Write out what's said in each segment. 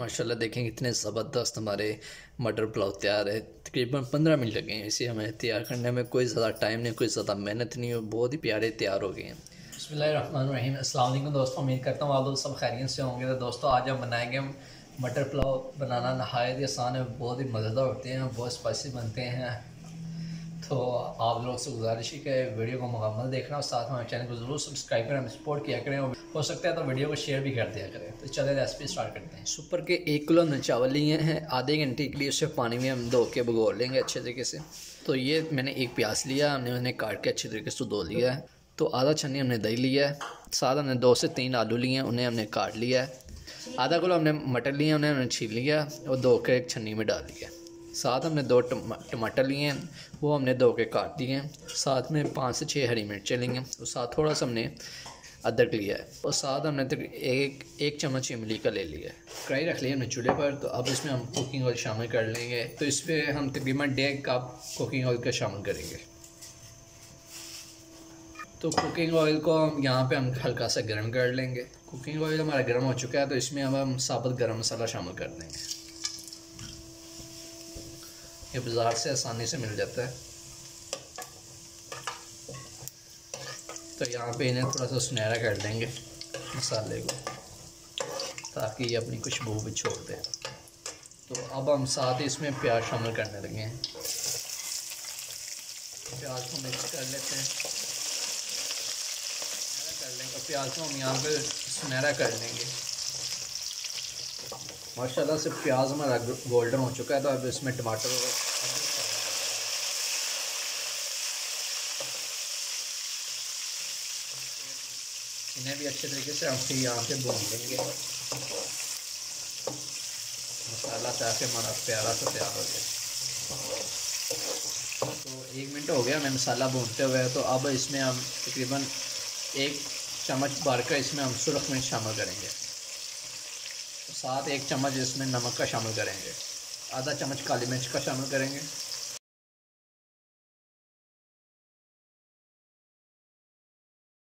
ماشاءاللہ دیکھیں کتنے اتنے زبردست ہمارے مٹر پلاؤ تیار ہے تقریباً پندرہ منٹ لگے ہیں اسے ہمیں تیار کرنے میں کوئی زیادہ ٹائم نہیں کوئی زیادہ محنت نہیں بہت ہی پیارے تیار ہو گئے ہیں بسم اللہ الرحمن الرحیم السلام علیکم دوستوں امید کرتا ہوں آپ سب خیریت سے ہوں گے تو دوستوں آج ہم بنائیں گے ہم مٹر پلاؤ بنانا نہایت ہی آسان ہے بہت ہی مزیدار ہوتے ہیں بہت اسپائسی بنتے ہیں تو آپ لوگ سے گزارش ہی کہ ویڈیو کو مکمل دیکھنا اور ساتھ ہمارے چینل کو ضرور سبسکرائب کریں ہمیں سپورٹ کیا کریں ہو سکتا ہے تو ویڈیو کو شیئر بھی کر دیا کریں تو چلے ریسپی اسٹارٹ کرتے ہیں سپر کے ایک کلو نچاول چاول لیے ہیں آدھے گھنٹے کے لیے اسے پانی میں ہم دھو کے بھگو لیں گے اچھے طریقے سے تو یہ میں نے ایک پیاس لیا ہم نے انہیں کاٹ کے اچھے طریقے سے دھو لیا ہے تو آدھا چھنی ہم نے دہی لیا ہے ساتھ ہم نے دو سے تین آلو لیے ہیں انہیں ہم نے کاٹ لیا ہے آدھا کلو ہم نے مٹر لیا انہیں ہم نے چھیل لیا اور دھو کے ایک چھنی میں ڈال ہے ساتھ ہم نے دو ٹماٹر لیے ہیں وہ ہم نے دو کے کاٹ دیے ہیں ساتھ میں پانچ سے چھ ہری مرچیں لیں گے اور ساتھ تھوڑا سا ہم نے ادرک لیا ہے اور ساتھ ہم نے ایک ایک چمچ املی کا لے لیا ہے کڑھائی رکھ لی ہم نے چولہے پر تو اب اس میں ہم کوکنگ آئل شامل کر لیں گے تو اس پہ ہم تقریباً ڈیڑھ کپ کوکنگ آئل کا شامل کریں گے تو کوکنگ آئل کو ہم یہاں پہ ہم ہلکا سا گرم کر لیں گے کوکنگ آئل ہمارا گرم ہو چکا ہے تو اس میں ہم ثابت گرم مسالہ شامل کر دیں گے یہ بازار سے آسانی سے مل جاتا ہے تو یہاں پہ انہیں تھوڑا سا سنہرا کر لیں گے مسالے کو تاکہ یہ اپنی خوشبو بھی چھوڑ دیں تو اب ہم ساتھ اس میں پیاز شامل کرنے لگے ہیں پیاز کو مکس کر لیتے ہیں پیاز کو ہم یہاں پہ سنہرا کر لیں گے ماشاء اللہ صرف پیاز ہمارا گولڈن ہو چکا ہے تو اب اس میں ٹماٹر انہیں بھی اچھے طریقے سے ہم یہاں سے بھون لیں گے مسالہ ہمارا پیارا سا تیار ہو گیا تو ایک منٹ ہو گیا ہمیں مسالہ بھونتے ہوئے تو اب اس میں ہم تقریباً ایک چمچ بار کر اس میں ہم سرخ میں شامل کریں گے ساتھ ایک چمچ اس میں نمک کا شامل کریں گے آدھا چمچ کالی مرچ کا شامل کریں گے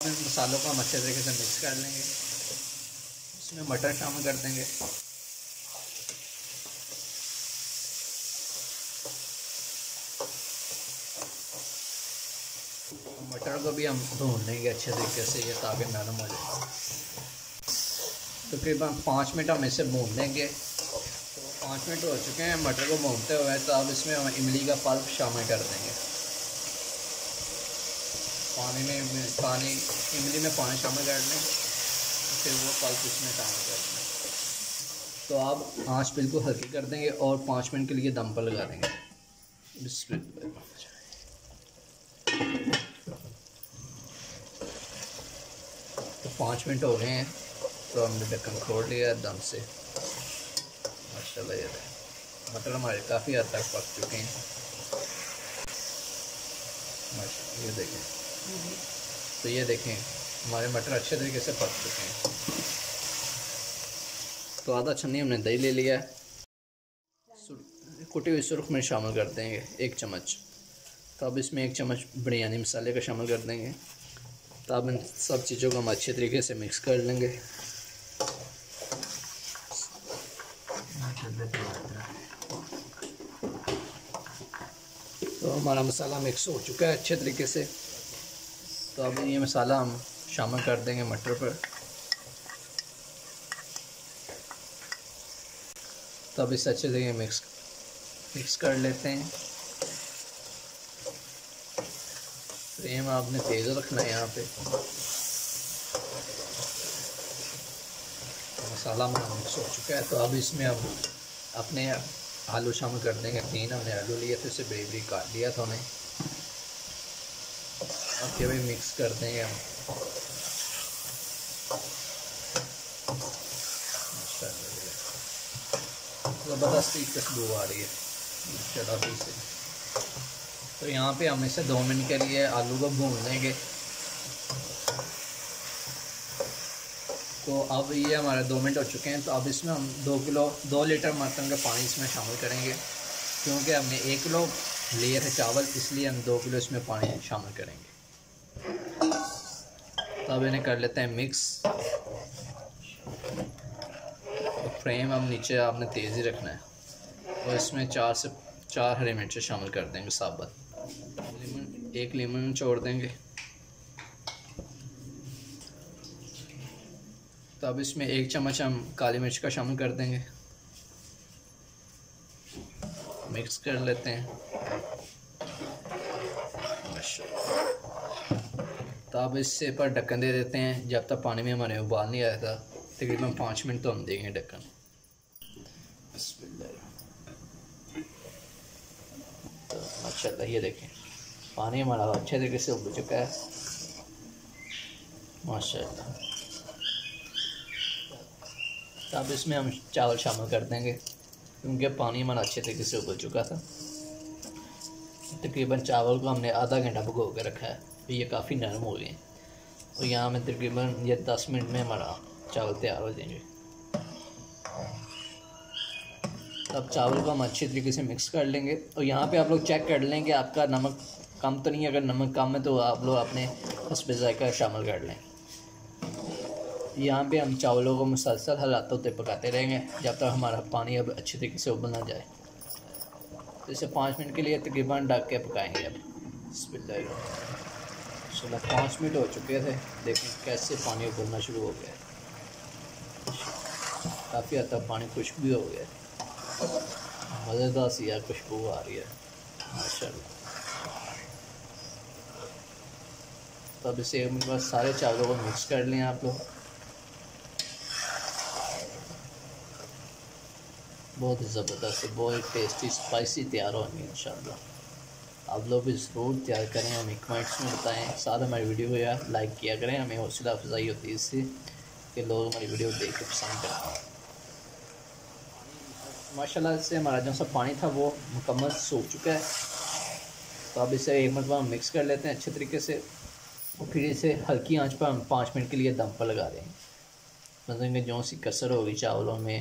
مسالوں کو ہم اچھے طریقے سے مکس کر لیں گے اس میں مٹر شامل کر دیں گے مٹر کو بھی ہم بھون لیں گے اچھے طریقے سے یہ تاکہ نرم ہو جائے تقریباً پانچ منٹ ہم اسے بھون دیں گے تو پانچ منٹ ہو چکے ہیں مٹر کو بھونتے ہوئے تو اب اس میں ہم املی کا پلپ شامل کر دیں گے پانی میں پانی املی میں پانی شامل کر دیں پھر وہ پلپ اس میں شامل کر دیں تو آپ آنچ بالکل ہلکی کر دیں گے اور پانچ منٹ کے لیے دم پر لگا دیں گے تو پانچ منٹ ہو گئے ہیں تو ہم نے ڈکن کھوڑ لیا ہے دم سے ماشاء اللہ یہ مٹر ہمارے کافی حد تک پک چکے ہیں یہ دیکھیں تو یہ دیکھیں ہمارے مٹر اچھے طریقے سے پک چکے ہیں تو آدھا چھنی ہم نے دہی لے لیا ہے کٹی ہوئی سرخ میں شامل کر دیں گے ایک چمچ تو اب اس میں ایک چمچ بریانی مسالے کا شامل کر دیں گے تو اب ان سب چیزوں کو ہم اچھے طریقے سے مکس کر لیں گے تو ہمارا مسالہ مکس ہو چکا ہے اچھے طریقے سے تو اب یہ مسالہ ہم شامل کر دیں گے مٹر پر تو اب اچھے طریقے مکس مکس کر لیتے ہیں فریم آپ نے تیز رکھنا ہے یہاں پہ مسالہ ہمارا مکس ہو چکا ہے تو اب اس میں اب اپنے آلو شامل کر دیں گے تین ہم نے آلو لیے تھے اسے بری بری کاٹ لیا تھا ہمیں اب بھی مکس کر دیں گے ہم زبردست خشبو آ رہی ہے تو یہاں پہ ہم اسے دو منٹ کے لیے آلو کو بھون دیں گے تو اب یہ ہمارے دو منٹ ہو چکے ہیں تو اب اس میں ہم دو کلو دو لیٹر مرتن کا پانی اس میں شامل کریں گے کیونکہ ہم نے ایک کلو لیے تھے چاول اس لیے ہم دو کلو اس میں پانی شامل کریں گے تو اب انہیں کر لیتے ہیں مکس فریم ہم نیچے آپ نے تیزی رکھنا ہے اور اس میں چار سے چار ہری مرچیں شامل کر دیں گے ثابت ایک لیمن چھوڑ دیں گے تو اب اس میں ایک چمچ ہم کالی مرچ کا شامل کر دیں گے مکس کر لیتے ہیں تو اب اس سے پر ڈکن دے دیتے ہیں جب تک پانی میں ہمارے ابال نہیں آیا تھا تقریباً پانچ منٹ تو ہم دیں گے ڈھکن تو ماشاء اللہ یہ دیکھیں پانی ہمارا اچھے طریقے سے ابل چکا ہے ماشاء اللہ تو اب اس میں ہم چاول شامل کر دیں گے کیونکہ پانی ہمارا اچھے طریقے سے ابل چکا تھا تقریباً چاول کو ہم نے آدھا گھنٹہ بھگو کے رکھا ہے تو یہ کافی نرم ہو گئے ہیں اور یہاں میں تقریباً یہ دس منٹ میں ہمارا چاول تیار ہو جائیں گے اب چاول کو ہم اچھی طریقے سے مکس کر لیں گے اور یہاں پہ آپ لوگ چیک کر لیں کہ آپ کا نمک کم تو نہیں ہے اگر نمک کم ہے تو آپ لوگ اپنے اس پہ ذائقہ شامل کر لیں یہاں پہ ہم چاولوں کو مسلسل حالاتوں پہ پکاتے رہیں گے جب تک ہمارا پانی اب اچھی طریقے سے ابل نہ جائے تو اسے پانچ منٹ کے لیے تقریباً ڈاک کے پکائیں گے اب پانچ منٹ ہو چکے تھے لیکن کیسے پانی ابلنا شروع ہو گیا کافی حد تک پانی خشک بھی ہو گیا مزیدار ہے خوشبو آ رہی ہے ماشاء اللہ تو اب اسے بعد سارے چاولوں کو مکس کر لیں آپ لوگ بہت ہی زبردست ہے بہت ٹیسٹی اسپائسی تیار ہوگی انشاءاللہ آپ لوگ بھی ضرور تیار کریں ہمیں کمنٹس میں بتائیں ساتھ ہماری ویڈیو کو لائک کیا کریں ہمیں حوصلہ افزائی ہوتی ہے اس سے کہ لوگ ہماری ویڈیو دیکھ کے پسند کرتے ہیں ماشاء اللہ اس سے ہمارا جو سا پانی تھا وہ مکمل سوکھ چکا ہے تو اب اسے ایک مرتبہ ہم مکس کر لیتے ہیں اچھے طریقے سے اور پھر اسے ہلکی آنچ پر ہم پانچ منٹ کے لیے دم پر لگا دیں گے جو سی کثر ہوگی چاولوں میں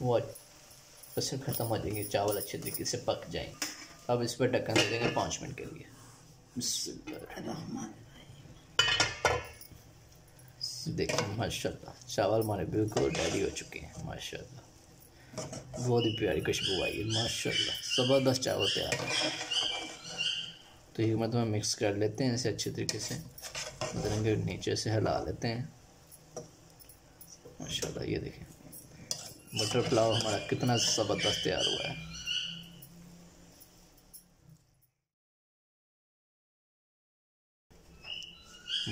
وہ ختم ہو جائیں گے چاول اچھے طریقے سے پک جائیں گے اب اس پہ گے پانچ منٹ کے لیے دیکھیں ماشاء اللہ چاول ہمارے بالکل ریڈی ہو چکے ہیں ماشاء اللہ بہت ہی پیاری خوشبو آئی ہے ماشاء اللہ زبردست چاول تیار ہے تو یہ مطلب مکس کر لیتے ہیں اسے اچھے طریقے سے نیچے سے ہلا لیتے ہیں ماشاء اللہ یہ دیکھیں بٹر پلاؤ ہمارا کتنا زبردست تیار ہوا ہے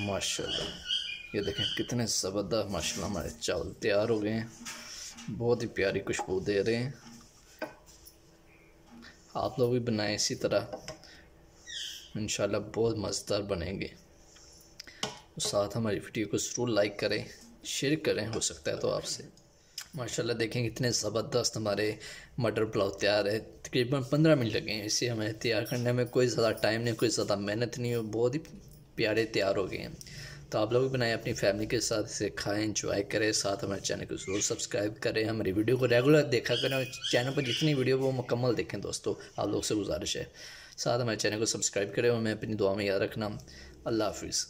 ماشاء اللہ یہ دیکھیں کتنے زبردست ماشاء اللہ ہمارے چاول تیار ہو گئے ہیں بہت ہی پیاری خوشبو دے رہے ہیں آپ لوگ بھی بنائیں اسی طرح انشاءاللہ بہت مزدار بنیں گے ساتھ ہماری ویڈیو کو ضرور لائک کریں شیئر کریں ہو سکتا ہے تو آپ سے ماشاءاللہ دیکھیں اتنے زبردست ہمارے مٹر پلاؤ تیار ہے تقریباً پندرہ منٹ لگے ہیں اسے ہمیں تیار کرنے میں کوئی زیادہ ٹائم نہیں کوئی زیادہ محنت نہیں ہو بہت ہی پیارے تیار ہو گئے ہیں تو آپ لوگ بھی بنائیں اپنی فیملی کے ساتھ اسے کھائیں انجوائے کریں ساتھ ہمارے چینل کو ضرور سبسکرائب کریں ہماری ویڈیو کو ریگولر دیکھا کریں اور چینل پر جتنی ویڈیو وہ مکمل دیکھیں دوستو آپ لوگ سے گزارش ہے ساتھ ہمارے چینل کو سبسکرائب کریں اور ہمیں اپنی دعا میں یاد رکھنا اللہ حافظ